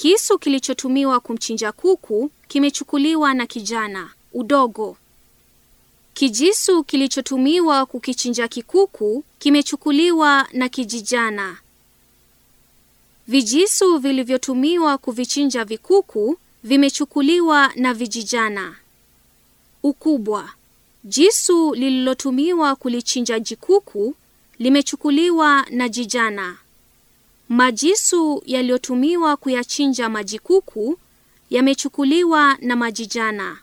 Kisu kilichotumiwa kumchinja kuku kimechukuliwa na kijana. Udogo. Kijisu kilichotumiwa kukichinja kikuku kimechukuliwa na kijijana. Vijisu vilivyotumiwa kuvichinja vikuku vimechukuliwa na vijijana. Ukubwa. Jisu lililotumiwa kulichinja jikuku limechukuliwa na jijana. Majisu yaliyotumiwa kuyachinja maji kuku yamechukuliwa na majijana.